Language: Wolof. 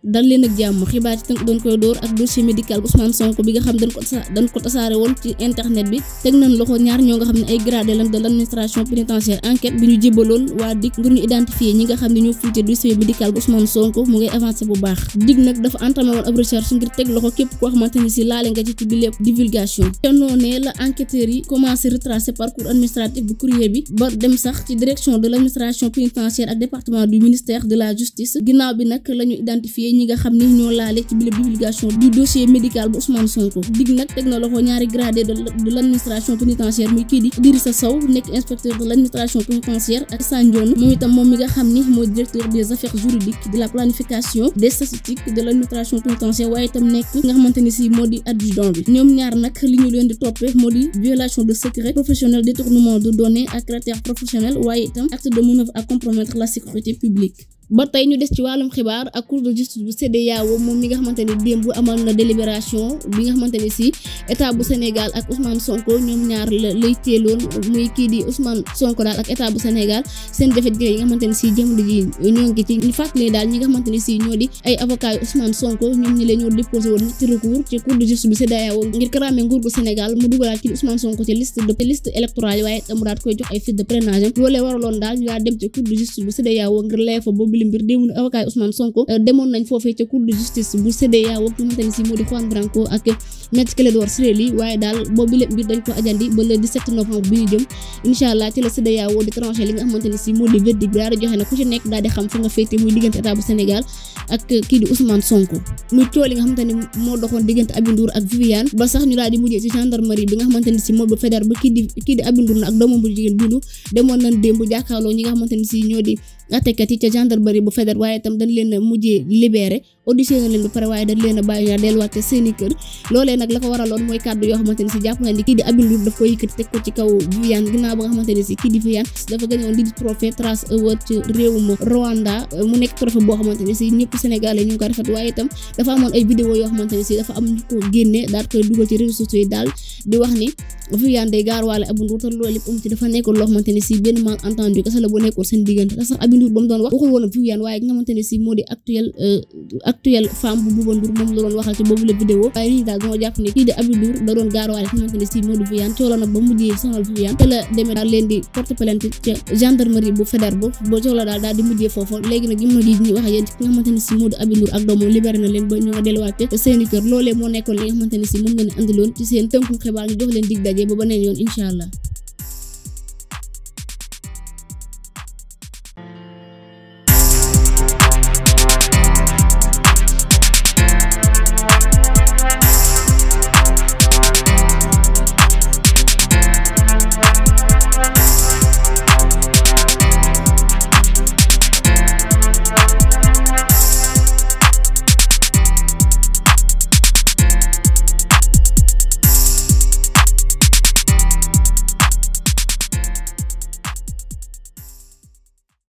dal leen ak jàmm xibaar ci doon koy door ak dossier médical bu Ousmane Sonko bi nga xam dañ ko tasaare woon ci internet bi teg nañ loxo ñaar ñoo nga xam ne ay gradé lan de administration pénitentiaire enquête bi ñu jébbaloon waa DIC ngir ñu identifier ñi nga xam ne ñoo fuité dossier médical bu Ousmane Sonko mu ngay avancé bu baax DIC nag dafa entamé woon ab recherche ngir teg loxo képp koo xamante si laale nga ci ci bi lépp divulgation te noonee conseiller ñi nga xam ñoo laale ci bile publication du dossier médical bu Ousmane Sonko dig nag teg ñaari gradé de l'administration pénitentiaire muy kii di Idrissa Sow nekk inspecteur de l'administration pénitentiaire ak Sandione moom itam moom nga directeur des affaires juridiques de la planification des statistiques de l'administration pénitentiaire waaye itam nekk nga xamante ni si moo di adjudant bi ñoom ñaar nag li ñu leen di toppee moo violation de secret professionnel détournement de données à caractère professionnel waaye itam acte de manœuvre à compromettre la sécurité publique ba tey ñu des ci wàllum xibaar ak cour de justice bu CEDEAO moom nga xamante ne démb amal na délibération bi nga nga xamante ne si ne si ñoo di bu CEDEAO ngir karaame nguur gu Sénégal mu dugalaat kii di Ousmane Sonko ci liste de liste électorale waaye mu daat koy jox ay fiche de parrainage loolee waraloon daal ñu daal dem ci cour de justice bu CEDEAO ngir lay fa boobu tàmbali mbir démul eh, avocat Ousmane Sonko eh, demoon nañ fofé ci cour de justice bu CEDEAO wak nga xamante ci Modi Juan Branco ak Maître Clédor Ciré Ly waaye daal boobu lépp mbir dañ ko ajandi ba le 17 novembre bi ñu jëm inshallah allah ci la wo di trancher li nga xamanteni ci Modi moo di joxé na ku ci nek dal di xam fu nga fété muy digënté état bu Sénégal ak ki di Ousmane Sonko muy coow li nga xamanteni mo doxone digënté Abindour ak Viviane ba sax ñu dal di mujjé ci gendarmerie bi nga xamanteni ci Modi moo bu ki di ki di Abindour nak doomu bu jigen bindu demoon nañ dembu jakkalo ñi nga xamanteni ci si ñoo di attekat yi ca gendarmerie bu Faidherbe waaye itam dañ leen a mujjee libéré auditionné leen ba pare waaye dañ leen a bàyyi ñaa delluwaat ca seen i kër loolee nag la ko waraloon mooy kàddu yoo xamante si ni kii di Aby Ndour daf ko yëkkati teg ko ci kaw Viviane ginnaaw ba nga xamante ne si kii di Viviane dafa gañoon lii di trophée Trace Award ci réewum Rwanda mu nekk trophée boo xamante si ñëpp sénégalais ñu ngi ko rafet waaye itam dafa amoon ay vidéo yoo xamante ne si dafa am ñu ko génne daal koy dugal ci réseaux sociaux daal di wax ni Viviane day gaaruwaale Aby Ndour te loolu lépp am ci dafa nekkoon loo xamante ne si benn malentendu kese la bu nekkoon seen diggante te sax Aby Ndour ba mu doon wax waxul woon Viviane waaye ki nga xamante ne si moo di actuel euh, actuel femme bu Bouba Ndour moom la doon waxal ci boobu la vidéo waaye nit ñi daal dañoo jàpp ne kii di Aby Ndour da doon gaaruwaale ki nga xamante ne si moo di Viviane coow la nag ba mujjee sonal Viviane te la demee daal leen di porte plainte ca gendarmerie bu fédéral bu ba coow la daal daal di mujjee foofu léegi nag gim na di ñuy wax yéen ci ki nga xamante ne si moo di Aby Ndour ak doomam libéré na leen ba ñoo nga delluwaat seeni kër loolee moo nekkoon li nga xamante ne si moom ngeen andiloon ci seen tënku xibaar ñu jox leen dig daje daje ba beneen yoon incha allah.